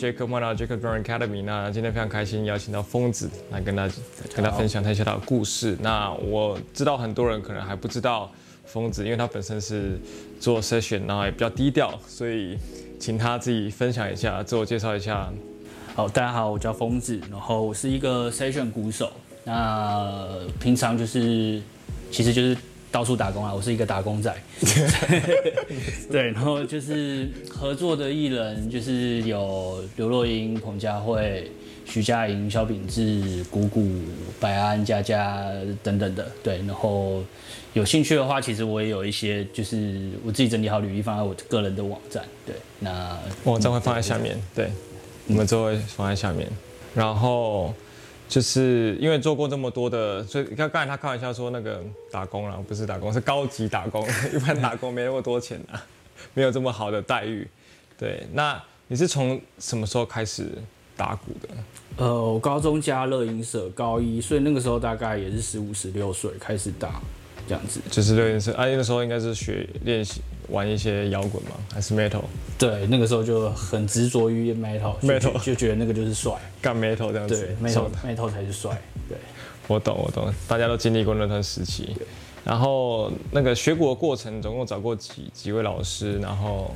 Jacob Memory, Jacob Drum Academy, 那今天非常開心邀請到瘋子來跟他好好跟他分享他一些他的故事。那我知道很多人可能還不知道瘋子，因為他本身是做 session，然後也比較低調，所以請他自己分享一下，自我介紹一下。好，大家好，我叫瘋子，然後我是一個 session 鼓手。那平常就是，其實就是。到處打工啊，我是一個打工仔。 對，然後就是合作的藝人，就是有劉若英、彭佳慧、徐佳瑩、蕭秉治、谷谷、白安、家家等等的。對，然後有興趣的話，其實我也有一些，就是我自己整理好履歷，放在我個人的網站。對，那網站、哦、會放在下面。對，對我們就會放在下面。嗯、然後。就是因為做過這麼多的，所以剛剛才他開玩笑說那個打工了，啊，不是打工，是高級打工。一般打工沒那麼多錢啊，沒有這麼好的待遇。對，那你是從什麼時候開始打鼓的？呃，我高中加熱音社，高一，所以那個時候大概也是十五、十六歲開始打。這樣子就是六點四。阿姨，那個時候應該是學練習玩一些搖滾嘛還是 metal？對，那個時候就很執着於 metal，metal 就覺得那個就是帥，幹 metal 這樣子，metal metal 才是帥。對，我懂，我懂，大家都經歷過那段時期。然後那個學鼓的過程，總共找過幾幾位老師，然後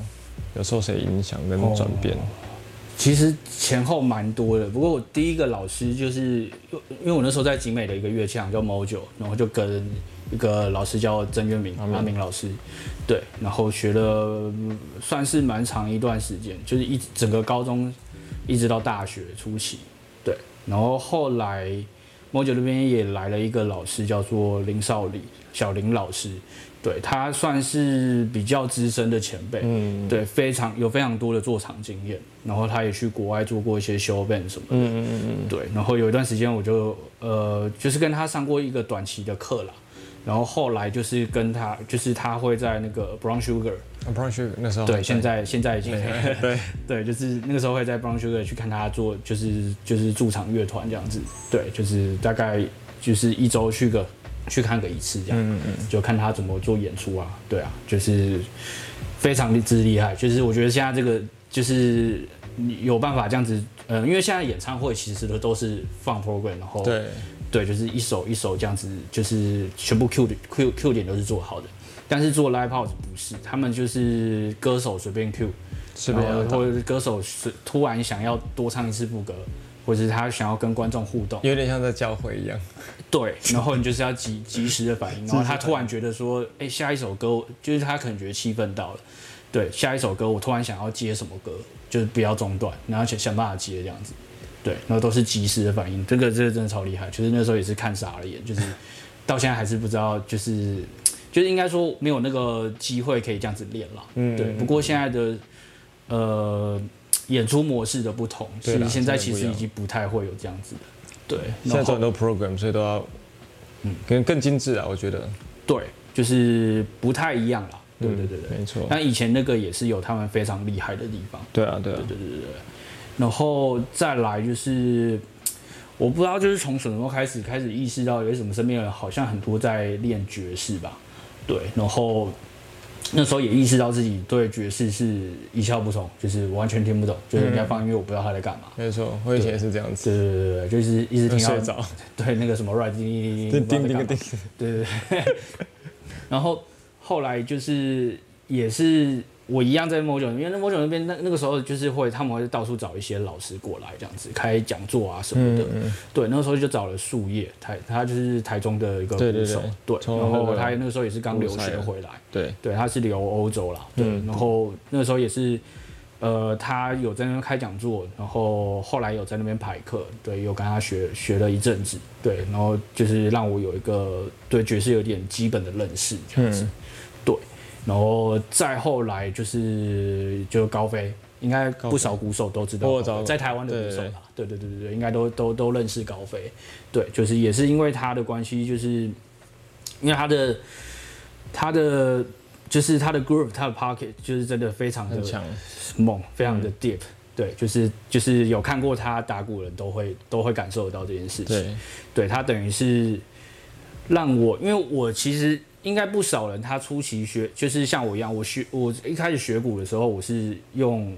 有受誰影響跟轉變？哦，其實前後蠻多的。不過我第一個老師就是，因為我那時候在景美的一個樂匠叫貓九，Mojo, 然後就跟。一個老師叫曾淵明，阿明老師，對，然後學了算是蠻長一段時間，就是一整個高中，一直到大學初期，對，然後後來摩羯這邊也來了一個老師，叫做林少禮，小林老師，對，他算是比較資深的前輩，嗯，對，非常有非常多的做場經驗，然後他也去國外做過一些修班什麼的，嗯嗯嗯對，然後有一段時間我就呃就是跟他上過一個短期的課啦。然後後來就是跟他，就是他會在那個 Brown Sugar，啊、Brown Sugar 那時候對，對，現在現在已經對對，對，對, 對，就是那個時候會在 Brown Sugar 去看他做，就是就是駐場樂團這樣子，對，就是大概就是一周去個去看個一次這樣，嗯嗯就看他怎麼做演出啊，對啊，就是非常之厲害，就是我覺得現在這個就是有辦法這樣子，嗯、呃，因為現在演唱會其實的都是放 program 然後對。對，就是一首一首這樣子，就是全部 Q 點 Q Q 點都是做好的。但是做 Live House 不是，他們就是歌手隨便 Q，是吧？或者歌手突突然想要多唱一次副歌，或者是他想要跟觀眾互動，有點像在教會一樣。對，然後你就是要及及時的反應。然後他突然覺得說，哎、欸，下一首歌就是他可能覺得氣氛到了，對，下一首歌我突然想要接什麼歌，就是不要中斷，然後想想辦法接這樣子。對，然後都是即時的反應，這個這個真的超厲害。其實那時候也是看傻了眼，就是到現在還是不知道，就是就是應該說沒有那個機會可以這樣子練了。嗯，對。不過現在的呃演出模式的不同，所以現在其實已經不太會有這樣子的。對，對現在做很多 program，所以都要嗯，更更精緻啊、嗯，我覺得。對，就是不太一樣了。對對對對，嗯、沒錯。但以前那個也是有他們非常厲害的地方。對啊對啊對對對對。然後再來就是，我不知道，就是從什麼時候開始開始意識到，為什麼身邊的人好像很多在練爵士吧？對，然後那時候也意識到自己對爵士是一竅不通，就是完全聽不懂，就是人家放音樂，我不知道他在幹嘛、嗯。沒錯，我以前也是這樣子。對對對，對，對，對就是一直聽到。對，那個什麼 riding 叮叮，對對對，對。 然後後來就是也是。我一樣在墨爾本，因為在墨爾本那邊，那那個時候就是會，他們會到處找一些老師過來，這樣子開講座啊什麼的。嗯嗯對，那個時候就找了樹葉，台他就是台中的一個鼓手，對、對、對、對，然後他那個時候也是剛留學回來。對，對，他是留歐洲了、嗯。對，然後那個時候也是，呃，他有在那邊開講座，然後後來有在那邊排課，對，有跟他學學了一陣子，對，然後就是讓我有一個對爵士、就是、有點基本的認識，這樣子。嗯然後再後來就是就高飛，應該不少鼓手都知道，在台灣的鼓手，對對對對應該都都都認識高飛，對，就是也是因為他的關係，就是因為他的他的就是他的 groove 他的 pocket，就是真的非常的 strong 非常的 deep，對，就是就是有看過他打鼓人都會都會感受得到這件事情，對，對他等於是讓我，因為我其實。應該不少人他初期學，就是像我一樣，我學我一開始學鼓的時候，我是用，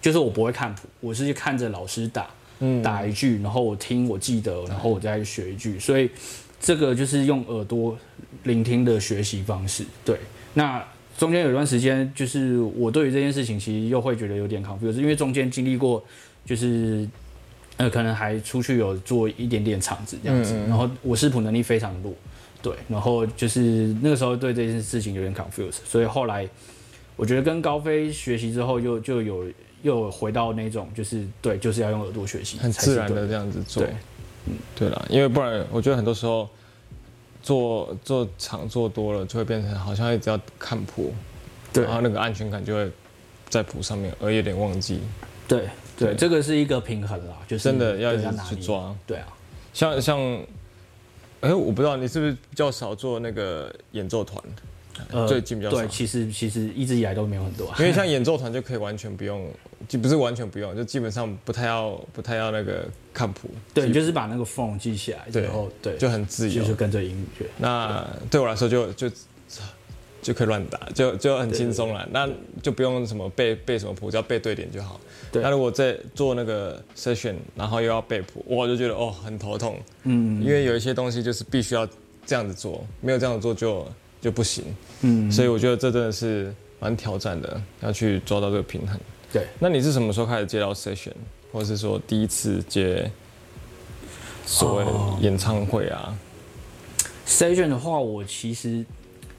就是我不會看譜，我是看着老師打，嗯，打一句，然後我聽，我記得，然後我再學一句，嗯，所以這個就是用耳朵聆聽的學習方式。對，那中間有一段時間，就是我對於這件事情其實又會覺得有點 confuse，就是因為中間經歷過，就是呃，可能還出去有做一點點場子這樣子，嗯嗯，然後我識譜能力非常弱。對，然後就是那個時候對這件事情有點 confused，所以後來我覺得跟高飛學習之後又就，又就有又回到那種，就是對，就是要用耳朵學習，很自然的這樣子做。對，對了，因為不然我覺得很多時候做做，做場做多了，就會變成好像一直要看譜，對，然後那個安全感就會在譜上面，而有點忘記。對對，對，這個是一個平衡啦，就是真的要要去抓。對啊，像像。哎、呃，我不知道你是不是比較少做那個演奏團，最、呃、近比較少。對，其實其實一直以來都沒有很多，啊，因為像演奏團就可以完全不用，就 不是完全不用，就基本上不太要、不太要那個看譜。對，你就是把那個 phone 記起來，然後對，對，就很自由，就是跟着音樂。那對，對我來說就就。 就可以亂打，就就很輕鬆了，對對對對，那就不用什麼背背什麼譜，只要背對點就好。對對對，那如果在做那個 session，然後又要背譜，我就覺得哦很頭痛。嗯，嗯，嗯、因為有一些東西就是必須要這樣子做，沒有這樣子做就就不行。嗯，嗯，嗯、所以我覺得這真的是蠻挑戰的，要去抓到這個平衡。對，那你是什麼時候開始接到 session，或者是說第一次接所謂的演唱會啊？Oh.session 的話，我其實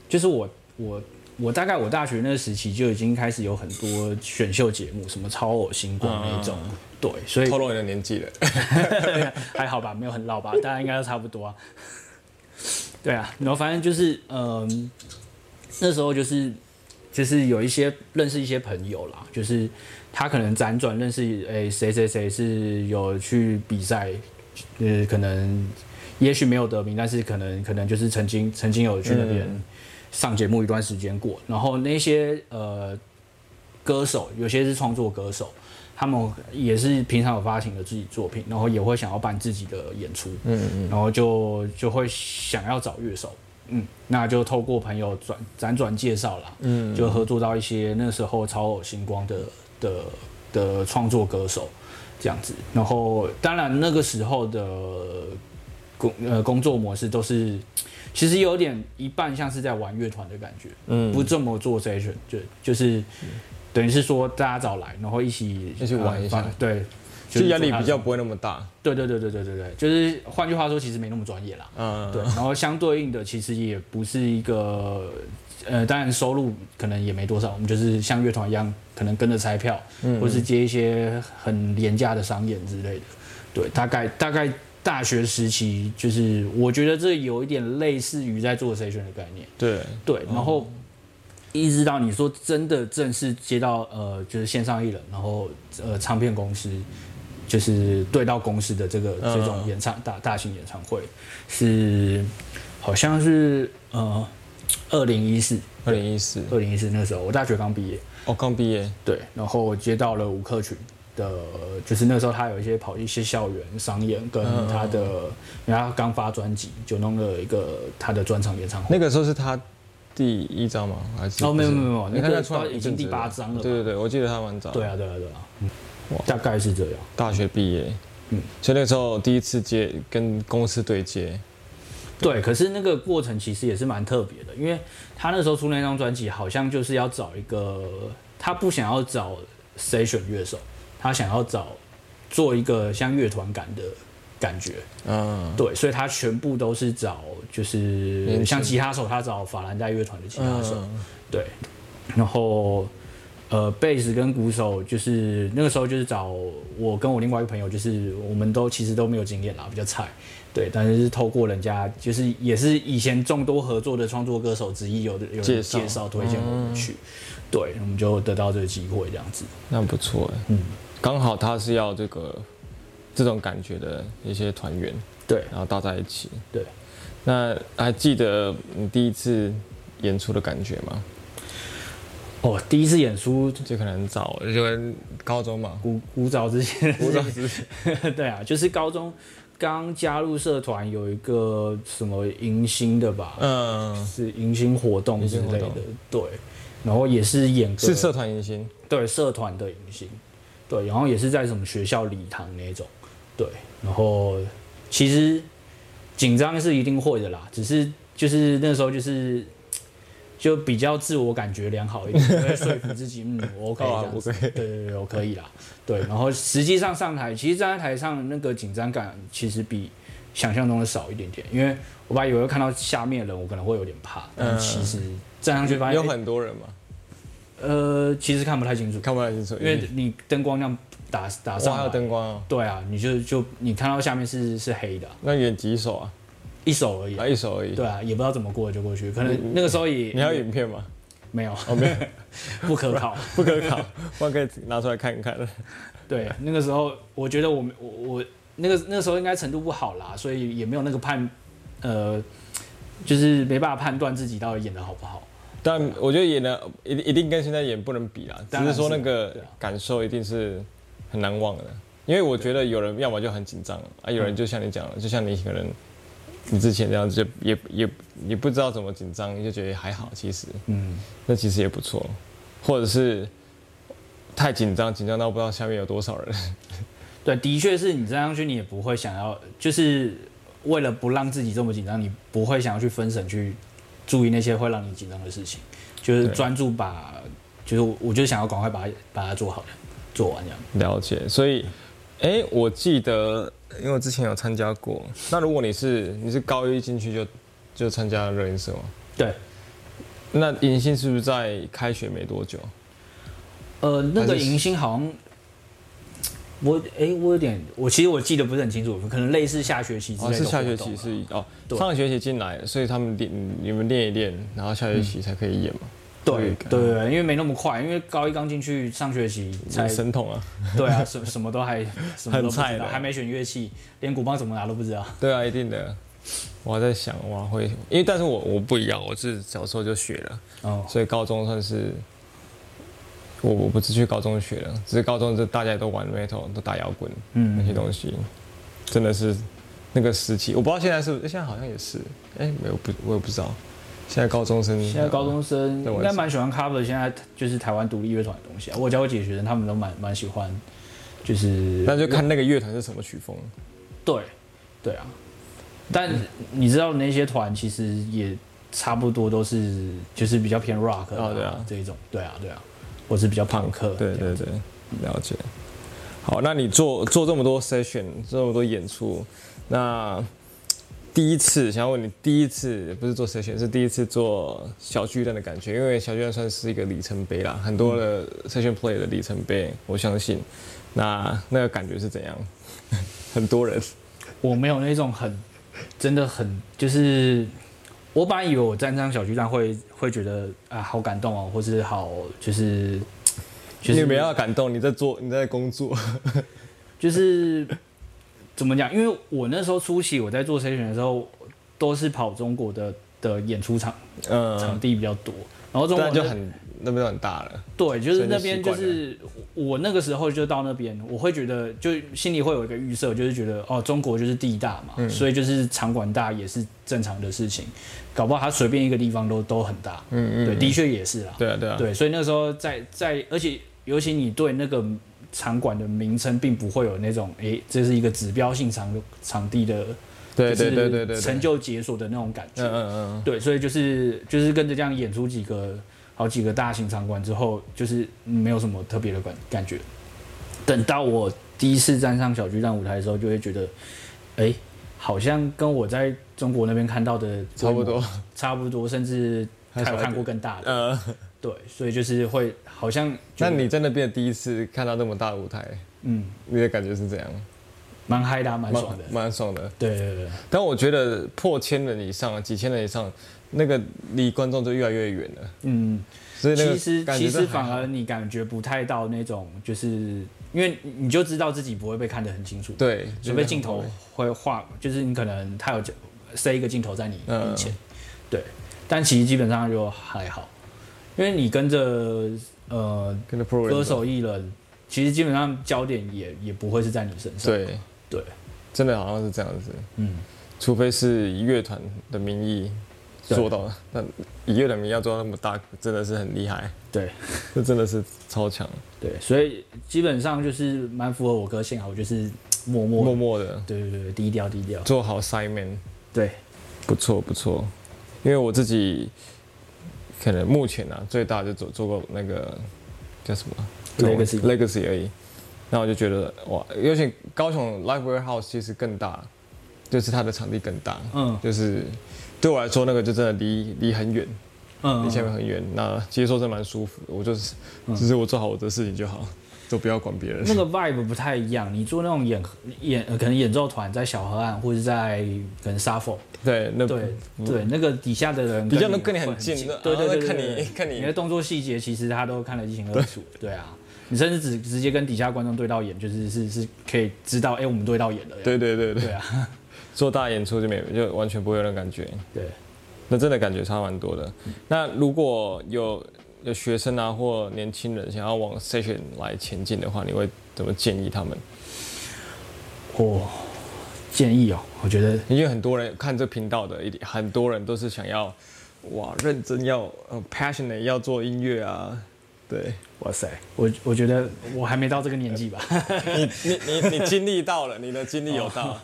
就是我。我我大概我大學那時期就已經開始有很多選秀節目，什麼超偶星光那種嗯，嗯，對，所以透露你的年紀了 還好吧，沒有很老吧，大家應該都差不多啊。對啊，然後反正就是，嗯，那時候就是就是有一些認識一些朋友啦，就是他可能輾轉認識誒誰誰誰是有去比賽，呃、就是，可能也許沒有得名，但是可能可能就是曾經曾經有去那邊。嗯，嗯上節目一段時間過，然後那些呃歌手，有些是創作歌手，他們也是平常有發行的自己作品，然後也會想要辦自己的演出，嗯嗯，然後就就會想要找樂手，嗯，那就透過朋友轉輾轉介紹了，嗯，就合作到一些那時候超偶星光的的的創作歌手這樣子，然後當然那個時候的。工呃工作模式都是，其實有點一半像是在玩樂團的感覺，嗯，不這麼做 session，就就是等於是說大家早來，然後一起去玩一下，啊、對，就壓力比較不會那麼大，對對對對對對對，就是換句話說，其實沒那麼專業啦，嗯，對，然後相對應的，其實也不是一個呃，當然收入可能也沒多少，我們就是像樂團一樣，可能跟着拆票，嗯，或是接一些很廉價的商演之類的，對，大概大概。大學時期，就是我覺得這有一點類似於在做篩選的概念。對對，然後一直到你說真的正式接到呃，就是線上藝人，然後呃，唱片公司就是對到公司的這個這種演唱，大大型演唱會，是好像是呃，二零一四，二零一四，二零一四那時候我大學剛畢業，哦，剛畢業，對，然後我接到了吳克群。的，就是那時候他有一些跑一些校園商演，跟他的，因為他剛發專輯就弄了一個他的專場演唱會，嗯。那個時候是他第一張嗎？還是，是哦，沒有沒有沒有，欸，你看他出來已經第八張了。對對對，我記得他蠻早。對啊對啊對啊，嗯，大概是這樣。大學畢業，嗯，就那時候第一次接跟公司對接。對，對，可是那個過程其實也是蠻特別的，因為他那時候出那張專輯，好像就是要找一個他不想要找 Session 樂手。他想要找做一個像樂團感的感覺，嗯，對，所以他全部都是找就是像吉他手，他找法蘭黛樂團的吉他手，對，然後呃，貝斯跟鼓手就是那個時候就是找我跟我另外一個朋友，就是我們都其實都沒有經驗啦，比較菜，對，但是透過人家就是也是以前眾多合作的創作歌手之一，有的有介紹推薦我們去，對，我們就得到這個機會這樣子，那不錯，嗯。剛好他是要這個這種感覺的一些團員，對，然後搭在一起。對，那還記得你第一次演出的感覺嗎？哦，第一次演出就可能很早了，就高中嘛，古古早之前，古早之前，之 對啊，就是高中剛加入社團，有一個什麼迎新的吧，嗯，是迎新活動之類的，對，然後也是演是社團迎新，對，社團的迎新。對，然後也是在什麼學校禮堂那種，對，然後其實緊張是一定會的啦，只是就是那時候就是就比較自我感覺良好一點， 以說服自己，嗯，我、okay，哦、可以，對對對， 我可以啦，對，然後實際上上台，其實站在台上那個緊張感其實比想象中的少一點點，因為我本來以為會看到下面的人，我可能會有點怕，但其實站上去發現、嗯欸、有很多人嘛。呃，其實看不太清楚，看不太清楚，因為你燈光亮，打打上還有燈光、哦、對啊，你就就你看到下面是是黑的，那演幾首啊？一首而已，啊，一首而已，對啊，也不知道怎麼過就過去，可能那個時候也、那個、你要影片嗎？沒有，OK，、哦、 不可考，不，不可考，不然可以拿出來看一看。 對，那個時候我覺得我我我那個那個、時候應該程度不好啦，所以也沒有那個判，呃，就是沒辦法判斷自己到底演得好不好。但我覺得演的一定一定跟現在演不能比啦，只是說那個感受一定是很難忘的。因為我覺得有人要麼就很緊張啊，有人就像你講了，就像你一個人，你之前這樣子就也也也不知道怎麼緊張，你就覺得還好其實。嗯。那其實也不錯，或者是太緊張，緊張到不知道下面有多少人。對，的確是你這樣去，你也不會想要，就是為了不讓自己這麼緊張，你不會想要去分神去。注意那些會讓你緊張的事情，就是專注把，就是我就想要趕快把它把它做好，做完。了解，所以，哎、欸，我記得，因為我之前有參加過。那如果你是你是高一進去就就參加熱音社嗎？對。那迎新是不是在開學沒多久？呃，那個迎新好像。我哎、欸，我有點，我其實我記得不是很清楚，可能類似下學期類哦，是下學期是哦，上學期進來，所以他們練、嗯、你們練一練，然後下學期才可以演嘛。嗯、對，對對，對，因為沒那麼快，因為高一剛進去上學期才生痛啊。對啊，什麼什麼都還很菜的，還沒選樂器，連鼓棒怎麼拿都不知道。對啊，一定的。我還在想，我還會因為，但是我我不一樣，我是小時候就學了，嗯、所以高中算是。我我不是去高中學的，只是高中大家都玩 metal，都打搖滾，嗯，那些東西，真的是那個時期，我不知道現在是不是現在好像也是，哎、欸，沒有不我也不知道，現在高中生現在高中生應該蠻喜歡 cover，現在就是台灣獨立樂團的東西啊，我有教過幾個學生他們都蠻蠻喜歡，就是那、嗯、就看那個樂團是什麼曲風，對，對啊，但你知道那些團其實也差不多都是就是比較偏 rock 的啊,、哦、對啊，這一種，對啊，對啊。我是比較龐克，對對對，了解。好，那你做做這麼多 session，這麼多演出，那第一次想要問你，第一次不是做 session，是第一次做小巨蛋的感覺，因為小巨蛋算是一個里程碑啦，很多的 session play 的里程碑、嗯，我相信。那那個感覺是怎樣？ 很多人，我沒有那種很，真的很，就是。我本來以為我站上小巨蛋會會覺得啊，好感動哦、喔，或是好就是，其實沒要感動，你在做你在工作， 就是怎麼講？因為我那時候出席，我在做篩選的時候，都是跑中國的的演出場，呃、嗯，場地比較多，然後中國就很。那邊很大了，對，就是那邊就是就我那個時候就到那邊，我會覺得就心裡會有一個預設，就是覺得哦、喔，中國就是地大嘛，嗯、所以就是場館大也是正常的事情，搞不好它隨便一個地方都都很大，嗯嗯，對，的確也是啊，對啊對啊，對，所以那時候在在，而且尤其你對那個場館的名稱，並不會有那種哎、欸，這是一個指標性場場地的，對對對成就解鎖的那種感覺，嗯嗯嗯，對，所以就是就是跟着這樣演出幾個。好幾個大型場館之後，就是沒有什麼特別的感感覺。等到我第一次站上小巨蛋舞台的時候，就會覺得，哎、欸，好像跟我在中國那邊看到的差不多，差不多，甚至還有看過更大的。對，所以就是會好像覺得。那你在那邊第一次看到那麼大的舞台，嗯，你的感覺是怎樣？蠻嗨的，蠻爽的，蠻爽的。對對對。但我覺得破千人以上，幾千人以上。那個離觀眾就越來越遠了。嗯，所以其實其實反而你感覺不太到那種，就是因為你就知道自己不會被看得很清楚。對，除非鏡頭會畫，就是你可能他有塞一個鏡頭在你面前，嗯。對，但其實基本上就還好，因為你跟着呃跟著歌手藝人，其實基本上焦點也也不會是在你身上。對對，真的好像是這樣子。嗯，除非是以樂團的名義。做到了，但一個的名要做到那麼大，真的是很厲害。對，這 真的是超強。對，所以基本上就是蠻符合我個性，啊，我就是默默默默的。對對對低調低調。做好 side man 對，不錯不錯。因為我自己可能目前呢、啊，最大就做做過那個叫什麼 legacy 而已。那我就覺得哇，尤其高雄 live warehouse 其實更大。就是他的場地更大，嗯，就是對我來說那個就真的離離很遠，嗯，離下面很遠、嗯。那其實說真的蠻舒服的，我就是只、嗯就是我做好我的事情就好，都不要管別人。那個 vibe 不太一樣，你做那種演演、呃、可能演奏團在小河岸，或者在可能沙 f 對，那對、嗯、對那個底下的人比較能跟你很近的，啊、對,對,對對對，看你看你你的動作細節，其實他都看得一清二楚。對啊，你甚至直直接跟底下觀眾對到眼，就是是是可以知道，哎、欸，我們對到眼了。對對對對，對啊。做大演出就沒，就完全不會有那感覺。對，那真的感覺差蠻多的、嗯。那如果有有學生啊或年輕人想要往 session 來前進的話，你會怎麼建議他們？我、哦、建議哦，我覺得因為很多人看這頻道的一，很多人都是想要哇認真要呃 passionate 要做音樂啊。對，哇塞，我我覺得我還沒到這個年紀吧。 你你你你經歷到了， 你的經歷有到。哦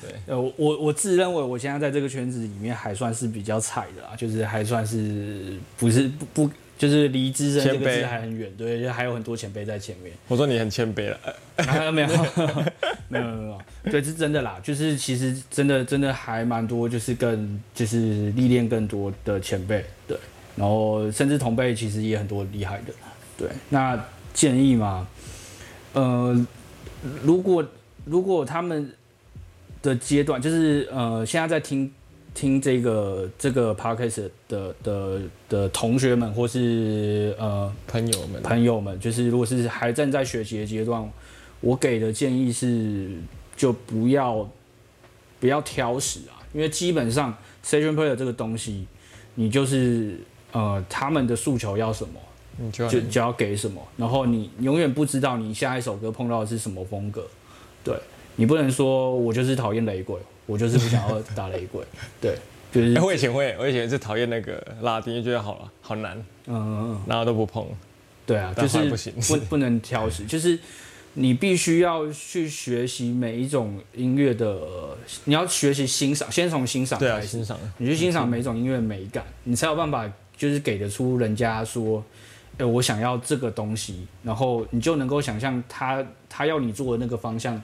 對，呃，我我我自認為，我現在在這個圈子裡面還算是比較菜的啊，就是還算是不是不，不就是離資深這個還很遠，對，就還有很多前輩在前面。我說你很謙卑了， 沒有沒有沒有，對，是真的啦，就是其實真的真的還蠻多就，就是更就是歷練更多的前輩，對，然後甚至同輩其實也很多厲害的，對。那建議嘛，嗯、呃，如果如果他們。的階段就是呃，現在在聽聽這個這個 Podcast 的的的，的同學們或是呃朋友們朋友們，就是如果是還正在學習的階段，我給的建議是就不要不要挑食啊，因為基本上 session player 這個東西，你就是呃他們的訴求要什麼，你就就，就要給什麼，然後你永遠不知道你下一首歌碰到的是什麼風格，對。你不能說我就是討厭雷鬼，我就是不想要打雷鬼， 對，就是。欸、我以前會，我以前是討厭那個拉丁，覺得好了，好難，嗯嗯，哪都不碰。對啊，但不行就是不不能挑食，就是你必須要去學習每一種音樂的，你要學習欣賞，先從欣賞開始，對、啊、欣賞，你去欣賞每一種音樂的美感，嗯，你才有辦法就是給得出人家說，哎、欸，我想要這個東西，然後你就能夠想象他他要你做的那個方向。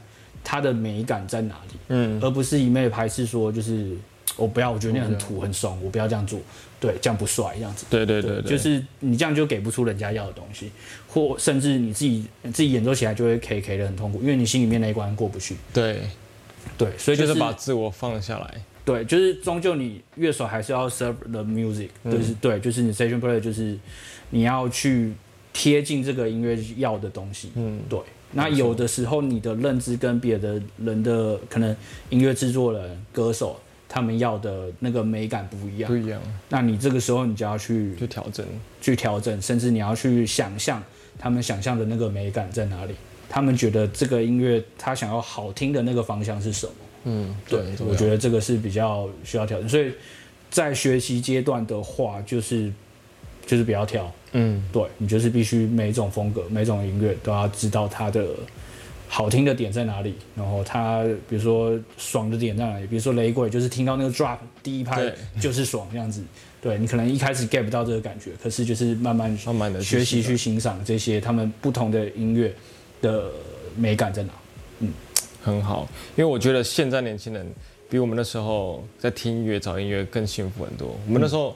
它的美感在哪裡？嗯，而不是一昧排斥說，就是、嗯、我不要，我覺得那很土很爽，對對對對，我不要這樣做，對，這樣不帥，這樣子。對對對對，就是你這樣就給不出人家要的東西，或甚至你自己自己演奏起來就會 K K 的很痛苦，因為你心裡面那一關過不去。對對、就是，所以就是把自我放下來。對，就是終究你樂手還是要 serve the music、嗯、就是對，就是你 station player，就是你要去貼近這個音樂要的東西。嗯，對。那有的時候，你的認知跟別的人的可能音樂制作人、歌手他們要的那個美感不一樣。不一樣。那你這個時候，你就要去去調整，去調整，甚至你要去想象他們想象的那個美感在哪裡？他們覺得這個音樂他想要好聽的那個方向是什麼？嗯，對，我覺得這個是比較需要調整。所以在學習階段的話，就是。就是比較挑，嗯，對，你就是必須每一種風格、每一種音樂都要知道它的好聽的點在哪裡，然後它比如說爽的點在哪裡，比如說雷鬼，就是聽到那個 drop 第一拍就是爽這樣子，對，對你可能一開始 get 不到這個感覺，可是就是慢慢、慢慢的學習去欣賞這些他們不同的音樂的美感在哪，嗯，很好，因為我覺得現在年輕人比我們那時候在聽音樂、找音樂更幸福很多，我們那時候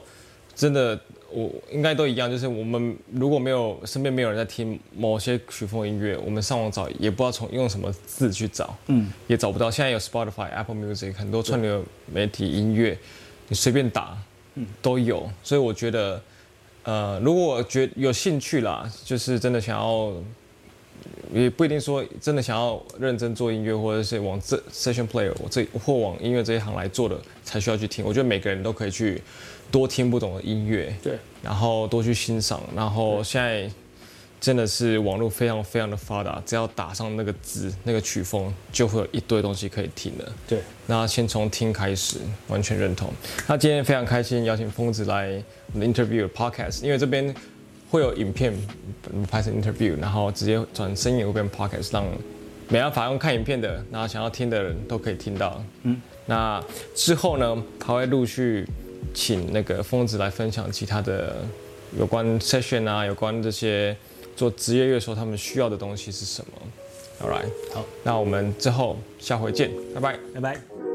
真的。我應該都一樣，就是我們如果沒有身邊沒有人在聽某些曲風音樂，我們上網找也不知道從用什麼字去找，嗯，也找不到。現在有 Spotify、Apple Music，很多串流媒體音樂，嗯，你隨便打，都有。所以我覺得，呃，如果我覺得有興趣啦，就是真的想要。也不一定說真的想要認真做音樂，或者是往這 session player 我這或往音樂這一行來做的才需要去聽。我覺得每個人都可以去多聽不懂的音樂，對，然後多去欣賞。然後現在真的是網絡非常非常的發達，只要打上那個字、那個曲風，就會有一堆東西可以聽的。對，那先從聽開始，完全認同。那今天非常開心邀請瘋子來我們的 interview podcast，因為這邊。會有影片，拍成 interview，然後直接轉聲音會變 podcast，讓沒辦法用看影片的，然後想要聽的人都可以聽到。嗯，那之後呢，還會陸續請那個瘋子來分享其他的有關 session 啊，有關這些做職業樂手他們需要的東西是什麼。All right，好，那我們之後下回見，拜拜，拜拜。